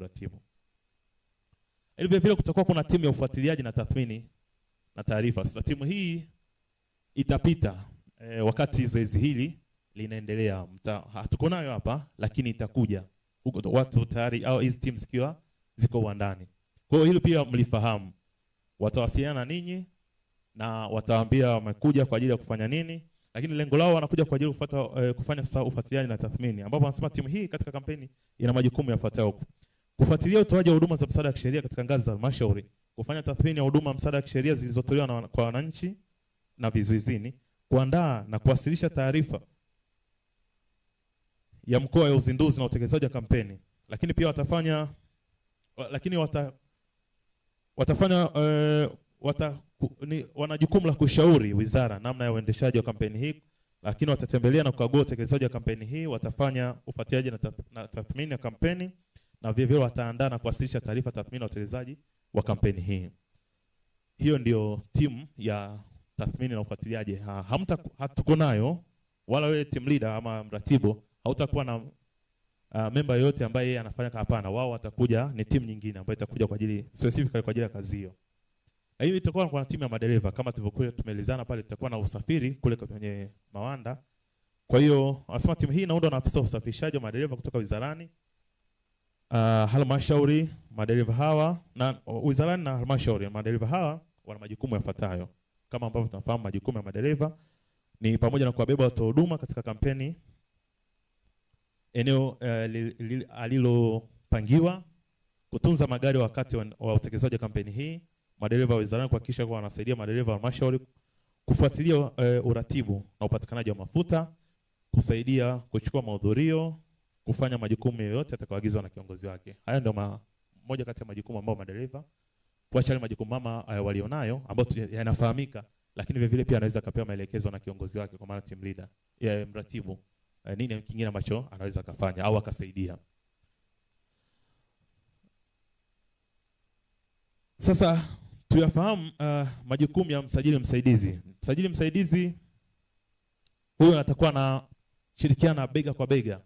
kuratibu. Ili vile vile kutakuwa kuna timu ya ufuatiliaji na tathmini na taarifa. Sasa timu hii itapita e, wakati zoezi hili linaendelea. Hatuko nayo hapa lakini itakuja huko, watu tayari au hizi timu zikiwa ziko uwandani. Kwa hiyo hilo pia mlifahamu, watawasiliana ninyi na watawaambia wamekuja kwa ajili ya kufanya nini, lakini lengo lao wanakuja kwa ajili ya eh, kufanya sasa ufuatiliaji na tathmini, ambapo wanasema timu hii katika kampeni ina majukumu yafuatayo: kufuatilia utoaji wa huduma za msaada wa kisheria katika ngazi za halmashauri, kufanya tathmini ya huduma msaada wa kisheria zilizotolewa na, kwa wananchi na vizuizini, kuandaa na kuwasilisha taarifa ya mkoa ya uzinduzi na utekelezaji wa kampeni, lakini pia watafanya lakini wata, watafanya e, wata, ni, wana jukumu la kushauri wizara namna ya uendeshaji wa kampeni hii, lakini watatembelea na kukagua utekelezaji wa kampeni hii, watafanya ufuatiliaji na tathmini ya kampeni na vile vile wataandaa na kuwasilisha taarifa tathmini ya utekelezaji wa kampeni hii. Hiyo ndio timu ya tathmini na ufuatiliaji. Ha, hamta hatuko nayo wala wewe team leader ama mratibu hautakuwa na uh, member yoyote ambaye yeye anafanya. Hapana, wao watakuja, ni timu nyingine ambayo itakuja kwa ajili specifically kwa ajili ya kazi hiyo. Na hiyo itakuwa kwa timu ya madereva kama tulivyokuwa tumeelezana pale, tutakuwa na usafiri kule kwenye mawanda. Kwa hiyo anasema timu hii inaundwa na afisa usafirishaji wa madereva kutoka wizarani uh, halmashauri madereva hawa na wizarani na halmashauri madereva hawa wana majukumu yafuatayo kama ambavyo tunafahamu, majukumu ya madereva ni pamoja na kuwabeba watoa huduma katika kampeni eneo uh, alilopangiwa, kutunza magari wakati wa, wa utekelezaji wa kampeni hii, madereva wa wizarani kuhakikisha kuwa wanasaidia madereva wa halmashauri kufuatilia uh, uratibu na upatikanaji wa mafuta, kusaidia kuchukua mahudhurio kufanya majukumu yoyote atakayoagizwa na kiongozi wake. Haya ndio moja kati ya majukumu ambayo madereva kuacha yale majukumu mama uh, walionayo ambayo yanafahamika, lakini vile vile pia anaweza akapewa maelekezo na kiongozi wake, kwa maana team leader ya mratibu, uh, nini kingine ambacho anaweza akafanya au akasaidia. Sasa tuyafahamu uh, majukumu ya msajili msaidizi. Msajili msaidizi huyo atakuwa na shirikiana bega kwa bega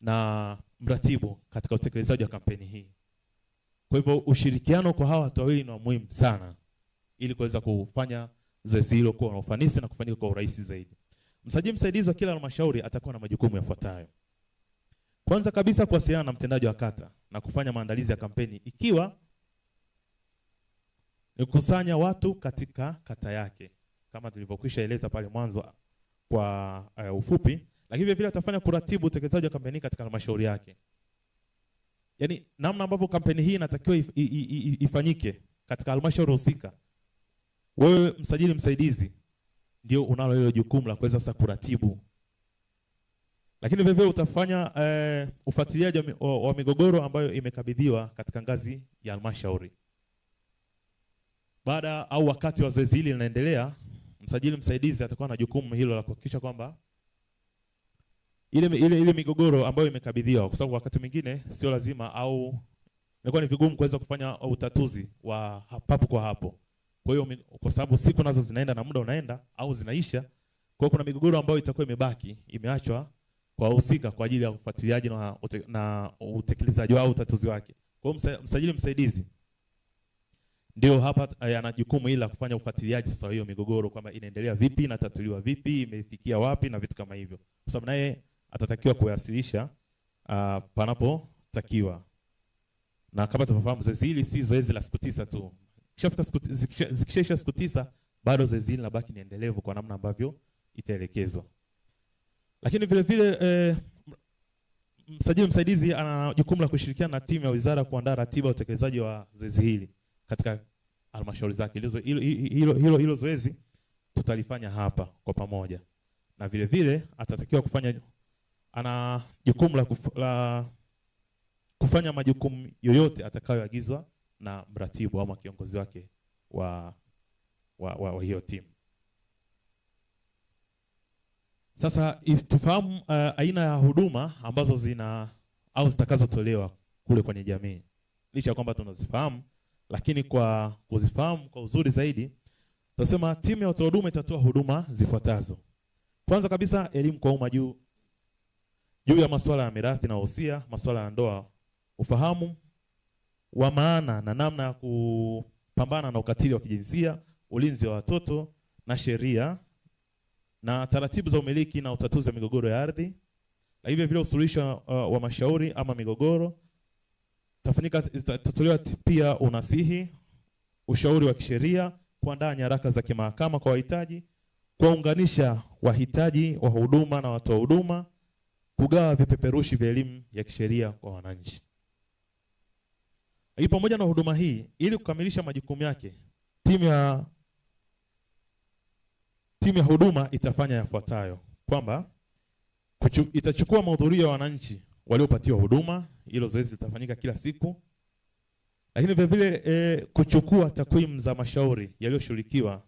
na mratibu katika utekelezaji wa kampeni hii. Kwa hivyo ushirikiano kwa hawa watu wawili ni wa muhimu sana ili kuweza kufanya zoezi hilo kuwa na ufanisi na kufanyika kwa urahisi zaidi. Msajili msaidizi wa kila halmashauri atakuwa na majukumu yafuatayo. Kwanza kabisa kuwasiliana na mtendaji wa kata na kufanya maandalizi ya kampeni ikiwa ni kukusanya watu katika kata yake kama tulivyokwisha eleza pale mwanzo kwa uh, ufupi lakini vile vile atafanya kuratibu utekelezaji wa kampeni katika halmashauri yake. Yaani namna ambavyo kampeni hii inatakiwa if, ifanyike katika halmashauri husika, wewe msajili msaidizi ndio unalo hilo jukumu la kuweza sasa kuratibu. Lakini vile vile utafanya eh, ufuatiliaji wa, wa migogoro ambayo imekabidhiwa katika ngazi ya halmashauri. Baada au wakati wa zoezi hili linaendelea, msajili msaidizi atakuwa na jukumu hilo la kuhakikisha kwamba ile, ile, ile migogoro ambayo imekabidhiwa, kwa sababu wakati mwingine sio lazima au inakuwa ni vigumu kuweza kufanya utatuzi wa papo kwa hapo. Kwa hiyo kwa sababu siku nazo zinaenda na muda unaenda au zinaisha, kwa hiyo kuna migogoro ambayo itakuwa imebaki imeachwa kwa wahusika kwa ajili ya ufuatiliaji na, ute, na utekelezaji wao utatuzi wake. Kwa hiyo msajili msaidizi ndio hapa eh, ana jukumu ila kufanya ufuatiliaji sasa hiyo migogoro kwamba inaendelea vipi, inatatuliwa vipi, imefikia wapi na vitu kama hivyo, kwa sababu naye atatakiwa kuyawasilisha uh, panapotakiwa. Na kama tunafahamu, zoezi hili si zoezi la siku tisa tu. Zikishaisha siku tisa bado zoezi hili linabaki ni endelevu kwa namna ambavyo itaelekezwa. Lakini vile vile eh, msajili msaidizi ana jukumu la kushirikiana na timu ya wizara kuandaa ratiba ya utekelezaji wa zoezi hili katika halmashauri zake. Hilo, hilo, hilo, hilo zoezi tutalifanya hapa kwa pamoja, na vile vile atatakiwa kufanya ana jukumu la, kuf, la kufanya majukumu yoyote atakayoagizwa na mratibu ama kiongozi wake wa, wa, wa, wa hiyo timu. Sasa tufahamu uh, aina ya huduma ambazo zina au zitakazotolewa kule kwenye jamii, licha ya kwamba tunazifahamu, lakini kwa kuzifahamu kwa uzuri zaidi, tunasema timu ya utoa huduma itatoa huduma zifuatazo. Kwanza kabisa, elimu kwa umma juu juu ya masuala ya mirathi na usia, masuala ya ndoa, ufahamu wa maana na namna ya kupambana na ukatili wa kijinsia, ulinzi wa watoto na sheria na taratibu za umiliki na utatuzi wa migogoro ya ardhi, na hivyo vile usuluhisho uh, wa mashauri ama migogoro tafanyika, itatolewa pia unasihi, ushauri wa kisheria, kuandaa nyaraka za kimahakama kwa wahitaji, kuwaunganisha wahitaji wa huduma na watoa huduma kugawa vipeperushi vya elimu ya kisheria kwa wananchi. Lakini pamoja na huduma hii, ili kukamilisha majukumu yake, timu ya timu ya huduma itafanya yafuatayo kwamba kuchu, itachukua mahudhurio ya wananchi waliopatiwa huduma. Hilo zoezi litafanyika kila siku, lakini vilevile e, eh, kuchukua takwimu za mashauri yaliyoshughulikiwa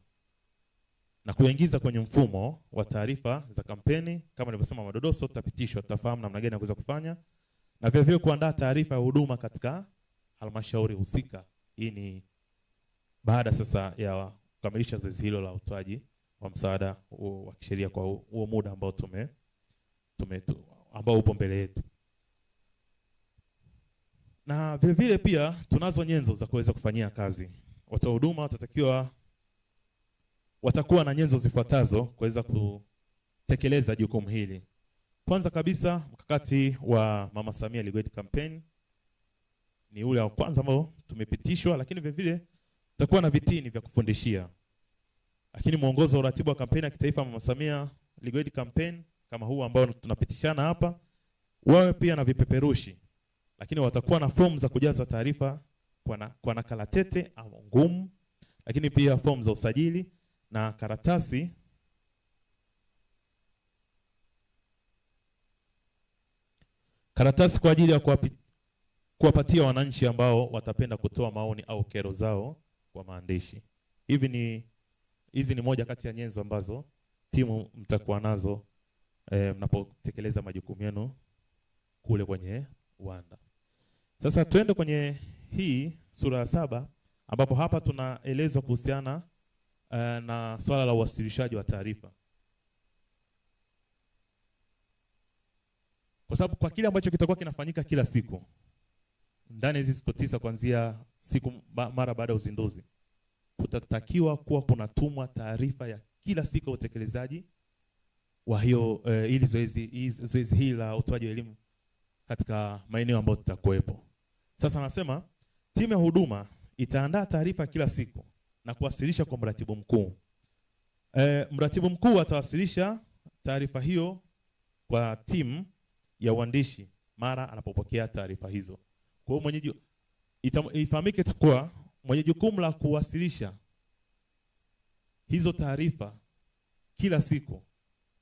na kuyaingiza kwenye mfumo wa taarifa za kampeni. Kama nilivyosema, madodoso tutapitishwa, tutafahamu namna gani ya kuweza kufanya na vilevile kuandaa taarifa ya huduma katika halmashauri husika. Hii ni baada sasa ya kukamilisha zoezi hilo la utoaji wa msaada wa kisheria kwa huo muda ambao tume, tume tu, ambao upo mbele yetu, na vile pia tunazo nyenzo za kuweza kufanyia kazi. Watoa huduma watatakiwa watakuwa na nyenzo zifuatazo kuweza kutekeleza jukumu hili. Kwanza kabisa mkakati wa Mama Samia Legal Campaign ni ule wa kwanza ambao tumepitishwa, lakini vile vile tutakuwa na vitini vya kufundishia. Lakini mwongozo wa uratibu wa kampeni ya kitaifa Mama Samia Legal Campaign kama huu ambao tunapitishana hapa, wawe pia na vipeperushi, lakini watakuwa na fomu za kujaza taarifa kwa, na, kwa nakala tete au ngumu, lakini pia fomu za usajili na karatasi karatasi kwa ajili ya kuwapatia wananchi ambao watapenda kutoa maoni au kero zao kwa maandishi. Hivi ni hizi ni moja kati ya nyenzo ambazo timu mtakuwa nazo eh, mnapotekeleza majukumu yenu kule kwenye uwanda. Sasa twende kwenye hii sura ya saba ambapo hapa tunaelezwa kuhusiana Eh, na swala la uwasilishaji wa taarifa, kwa sababu kwa kile ambacho kitakuwa kinafanyika kila siku ndani hizi siku tisa kuanzia siku mara baada ya uzinduzi, kutatakiwa kuwa kunatumwa taarifa ya kila siku ya utekelezaji wa hiyo eh, ili zoezi zoezi hili la utoaji wa elimu katika maeneo ambayo tutakuwepo. Sasa anasema timu ya huduma itaandaa taarifa kila siku na kuwasilisha kwa mratibu mkuu. E, mratibu mkuu atawasilisha taarifa hiyo kwa timu ya uandishi mara anapopokea taarifa hizo. Kwa hiyo mwenyeji, ifahamike tu kuwa mwenye jukumu la kuwasilisha hizo taarifa kila siku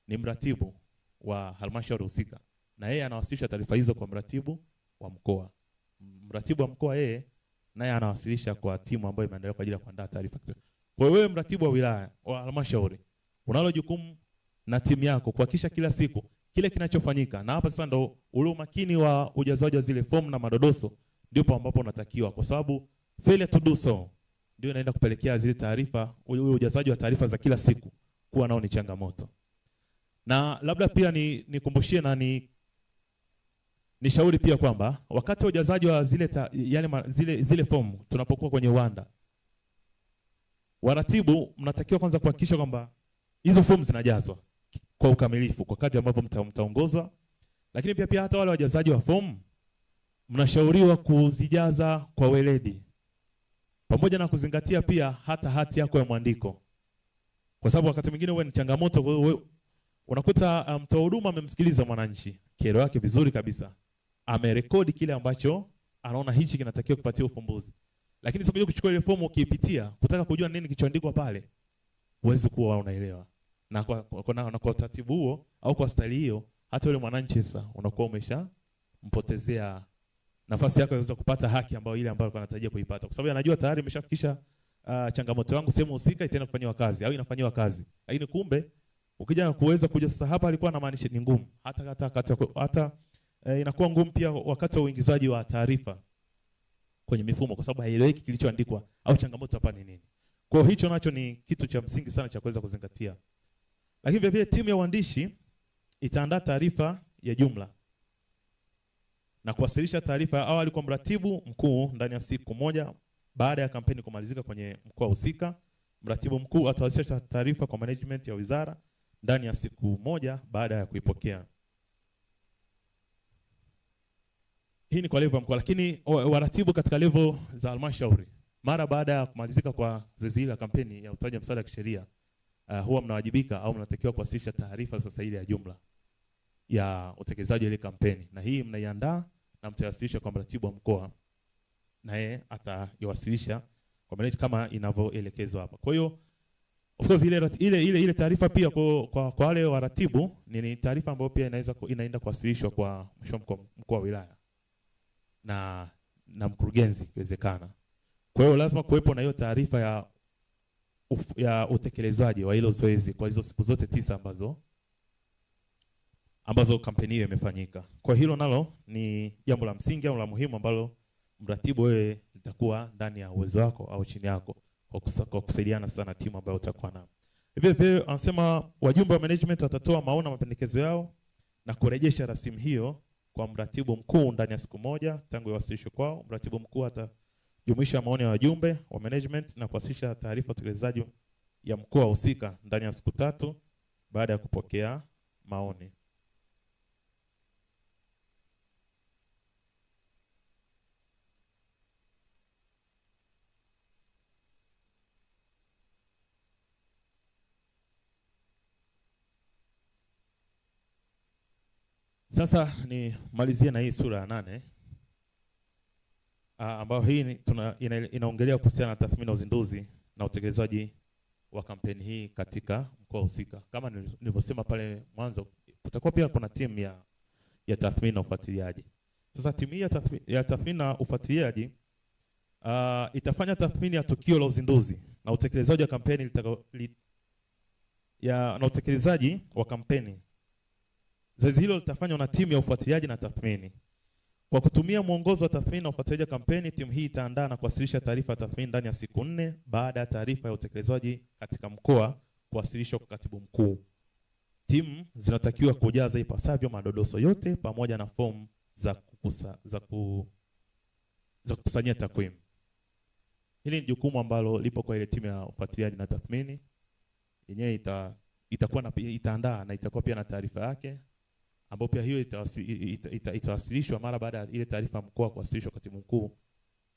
ni mratibu wa halmashauri husika, na yeye anawasilisha taarifa hizo kwa mratibu wa mkoa. Mratibu wa mkoa yeye naye anawasilisha kwa timu ambayo imeandaliwa kwa ajili ya kuandaa taarifa. Kwa hiyo wewe mratibu wa wilaya wa halmashauri unalo jukumu na timu yako kuhakikisha kila siku kile kinachofanyika, na hapa sasa ndo ule umakini wa ujazaji wa zile fomu na madodoso, ndipo ambapo unatakiwa, kwa sababu failure to do so ndio inaenda kupelekea zile taarifa, ule ujazaji wa taarifa za kila siku kuwa nao ni changamoto. Na labda pia ni nikumbushie na ni ni shauri pia kwamba wakati wa ujazaji wa zile, ta, yale, zile, zile fomu tunapokuwa kwenye uwanda, waratibu mnatakiwa kwanza kuhakikisha kwamba hizo fomu zinajazwa kwa ukamilifu kwa kadri ambavyo mtaongozwa mta, lakini pia pia hata wale wajazaji wa fomu mnashauriwa kuzijaza kwa weledi, pamoja na kuzingatia pia hata hati yako ya mwandiko, kwa sababu wakati mwingine huwa ni changamoto. Unakuta um, mtoa um, huduma amemsikiliza mwananchi kero yake vizuri kabisa, amerekodi kile ambacho anaona hichi kinatakiwa kupatia ufumbuzi. Lakini sio kuchukua ile fomu ukiipitia kutaka kujua nini kilichoandikwa pale, huwezi kuwa unaelewa. Na kwa kwa, kwa, kwa utaratibu huo au kwa stali hiyo, hata yule mwananchi sasa unakuwa umesha mpotezea nafasi yako ya kupata haki ambayo ile ambayo alikuwa anatarajia kuipata, kwa sababu anajua tayari ameshafikisha uh, ah, changamoto yangu sehemu husika itaenda kufanywa kazi au inafanywa kazi, lakini kumbe ukija kuweza kuja sasa hapa alikuwa anamaanisha ni ngumu hata hata hata hata hata, hata e, inakuwa ngumu pia wakati wa uingizaji wa taarifa kwenye mifumo kwa sababu haieleweki kilichoandikwa au changamoto hapa ni nini. Kwa hicho nacho ni kitu cha msingi sana cha kuweza kuzingatia. Lakini vile vile timu ya uandishi itaandaa taarifa ya jumla na kuwasilisha taarifa ya awali kwa mratibu mkuu ndani ya siku moja baada ya kampeni kumalizika kwenye mkoa husika. Mratibu mkuu atawasilisha taarifa kwa management ya wizara ndani ya siku moja baada ya kuipokea. Hii ni kwa level ya mkoa, lakini waratibu katika level za halmashauri, mara baada ya kumalizika kwa zoezi la kampeni ya utoaji msaada wa kisheria uh, huwa mnawajibika au mnatakiwa kuwasilisha taarifa sasa ile ya jumla ya utekelezaji ile kampeni, na hii mnaiandaa na mtawasilisha kwa mratibu wa mkoa, naye atawasilisha kwa meneja kama inavyoelekezwa hapa. Kwa hiyo of course ile ile ile, ile taarifa pia kwa kwa, kwa wale waratibu ni taarifa ambayo pia inaweza inaenda kuwasilishwa kwa mheshimiwa mkuu wa wilaya na, na mkurugenzi ikiwezekana. Kwa hiyo lazima kuwepo na hiyo taarifa ya, ya utekelezaji wa hilo zoezi kwa hizo siku zote tisa ambazo ambazo kampeni hiyo imefanyika. Kwa hilo nalo ni jambo la msingi au la muhimu ambalo mratibu wewe litakuwa ndani ya uwezo wako au chini yako kwa, kusa, kwa kusaidiana sana na timu ambayo utakuwa nayo. Hivyo hivyo anasema wajumbe wa management watatoa maoni na mapendekezo yao na kurejesha rasimu hiyo kwa mratibu mkuu ndani ya siku moja tangu iwasilishwe kwao. Mratibu mkuu atajumuisha maoni ya wajumbe wa management na kuwasilisha taarifa ya utekelezaji ya mkoa husika ndani ya siku tatu baada ya kupokea maoni. Sasa nimalizie na hii sura ya nane ah, ambayo hii tuna, ina, inaongelea kuhusiana na tathmini ya uzinduzi na utekelezaji wa kampeni hii katika mkoa husika. Kama nilivyosema pale mwanzo, kutakuwa pia kuna timu ya, ya tathmini na ufuatiliaji. Sasa timu hii ya tathmini na ufuatiliaji uh, itafanya tathmini ya tukio la uzinduzi na utekelezaji wa kampeni litaka, li, ya, na utekelezaji wa kampeni Zoezi hilo litafanywa na timu ya ufuatiliaji na tathmini. Kwa kutumia mwongozo wa tathmini na ufuatiliaji wa kampeni, timu hii itaandaa na kuwasilisha taarifa ya tathmini ndani ya siku nne baada ya taarifa ya utekelezaji katika mkoa kuwasilishwa kwa katibu mkuu. Timu zinatakiwa kujaza ipasavyo madodoso yote pamoja na fomu za kukusa, za, ku, za kukusanyia takwimu. Hili ni jukumu ambalo lipo kwa ile timu ya ufuatiliaji na tathmini yenyewe ita, itakuwa na, itaandaa na itakuwa pia na taarifa yake ambapo pia hiyo itawasilishwa ita, ita, ita mara baada ya ile taarifa ya mkoa kuwasilishwa katibu mkuu.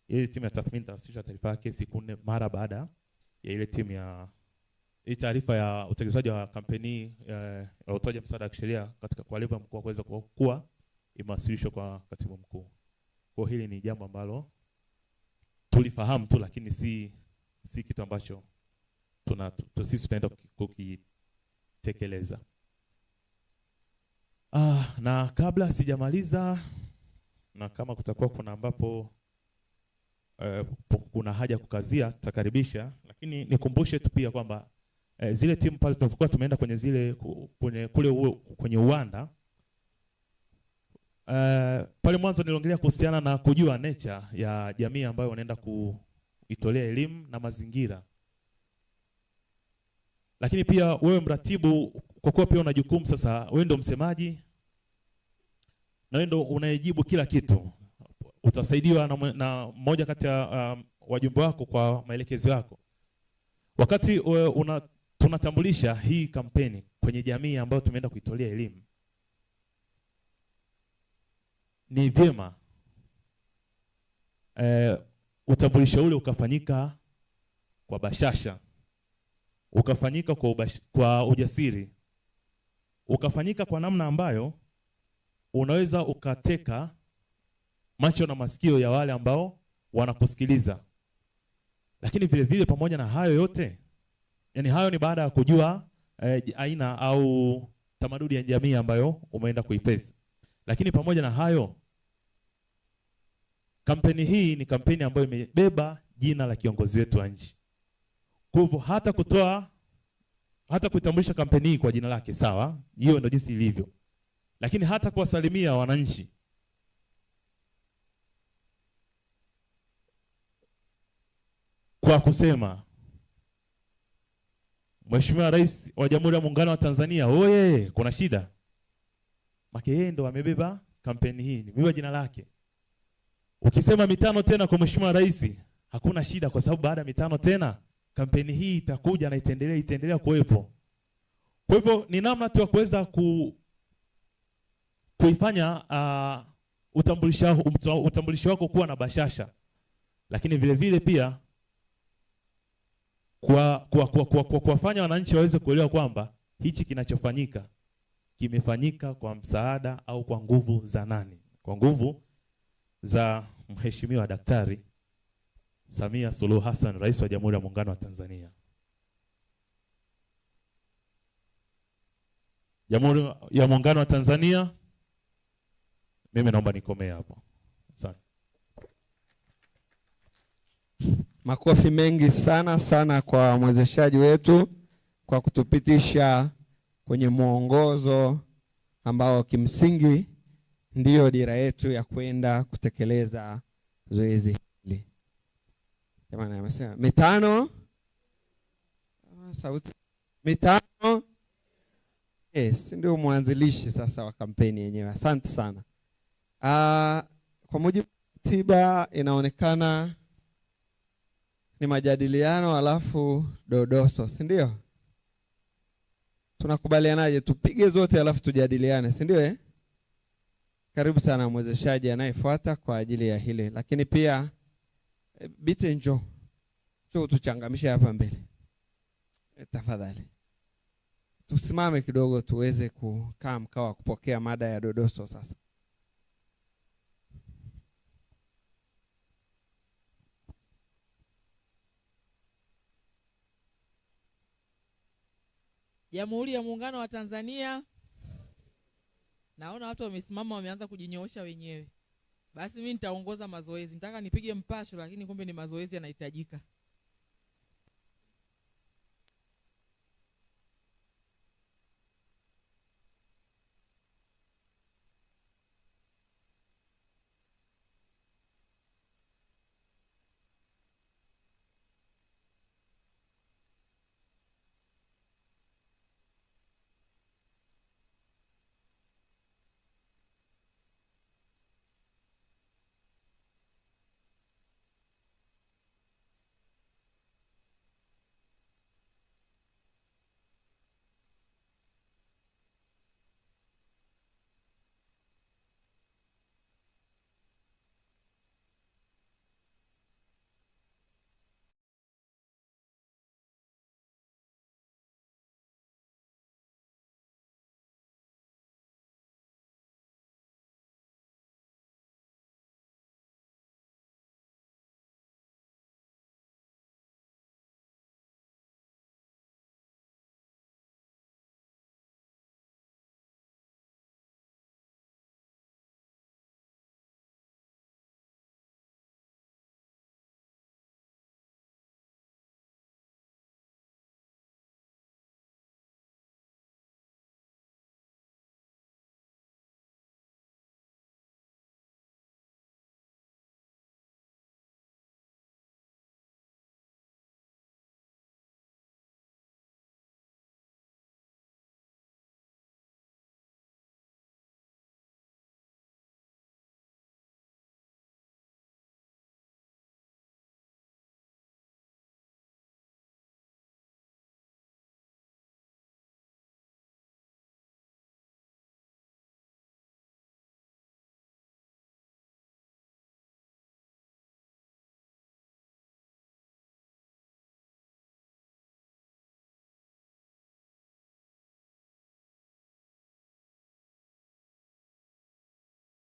Ile timu ya tathmini itawasilisha taarifa yake siku nne mara baada ya ile timu ya ile taarifa ya utekelezaji wa kampeni eh, ya utoaji msaada wa kisheria katika kwa leva mkoa kuweza kuwa imewasilishwa kwa katibu mkuu. Kwa hili ni jambo ambalo tulifahamu tu, lakini si si kitu ambacho tuna sisi tunaenda kukitekeleza. Ah, na kabla sijamaliza na kama kutakuwa kuna ambapo eh, kuna haja kukazia tutakaribisha, lakini nikumbushe tu pia kwamba eh, zile timu pale tunapokuwa tumeenda kwenye zile kwenye, kule kwenye uwanda eh, pale mwanzo niliongelea kuhusiana na kujua nature ya jamii ambayo wanaenda kuitolea elimu na mazingira, lakini pia wewe mratibu kwa kuwa pia una jukumu sasa, wewe ndo msemaji na wewe ndo unayejibu kila kitu. Utasaidiwa na, na mmoja kati ya um, wajumbe wako kwa maelekezo yako. Wakati uh, una, tunatambulisha hii kampeni kwenye jamii ambayo tumeenda kuitolea elimu, ni vyema e, utambulisho ule ukafanyika kwa bashasha, ukafanyika kwa, ubash, kwa ujasiri ukafanyika kwa namna ambayo unaweza ukateka macho na masikio ya wale ambao wanakusikiliza. Lakini vile vile pamoja na hayo yote, yani hayo ni baada ya kujua eh, aina au tamaduni ya jamii ambayo umeenda kuipesa. Lakini pamoja na hayo, kampeni hii ni kampeni ambayo imebeba jina la kiongozi wetu wa nchi. Kwa hivyo hata kutoa hata kuitambulisha kampeni hii kwa jina lake, sawa, hiyo ndio jinsi ilivyo, lakini hata kuwasalimia wananchi kwa kusema Mheshimiwa Rais wa Jamhuri ya Muungano wa Tanzania oye, kuna shida make, yeye ndo amebeba kampeni hii, nimebeba jina lake. Ukisema mitano tena kwa Mheshimiwa Rais hakuna shida, kwa sababu baada ya mitano tena kampeni hii itakuja na itaendelea itaendelea kuwepo. Kwa hivyo ni namna tu ya kuweza ku, kuifanya uh, ah, utambulisho, utambulisho wako kuwa na bashasha, lakini vile vile pia kuwafanya kwa, kwa, kwa, kwa, kwa, kwa wananchi waweze kuelewa kwamba hichi kinachofanyika kimefanyika kwa msaada au kwa nguvu za nani? Kwa nguvu za Mheshimiwa Daktari Samia Suluhu Hassan, Rais wa Jamhuri ya Muungano wa Tanzania. Jamhuri ya Muungano wa Tanzania. Mimi naomba nikomee hapo. Asante. Makofi mengi sana sana kwa mwezeshaji wetu kwa kutupitisha kwenye mwongozo ambao kimsingi ndiyo dira yetu ya kwenda kutekeleza zoezi. Jamani amesema mitano ah, sauti mitano. Yes, ndio mwanzilishi sasa wa kampeni yenyewe. Asante sana. Uh, kwa mujibu wa inaonekana ni majadiliano alafu dodoso, si ndio? Tunakubalianaje? Tupige zote alafu tujadiliane, si ndio eh? Karibu sana mwezeshaji anayefuata kwa ajili ya hili, lakini pia Eh, Bite njoo njoo tuchangamishe hapa mbele e, tafadhali tusimame kidogo tuweze kukaa mkao wa kupokea mada ya dodoso sasa. Jamhuri ya Muungano wa Tanzania. Naona watu wamesimama wameanza kujinyoosha wenyewe basi mi nitaongoza mazoezi. Nitaka nipige mpasho, lakini kumbe ni mazoezi yanahitajika.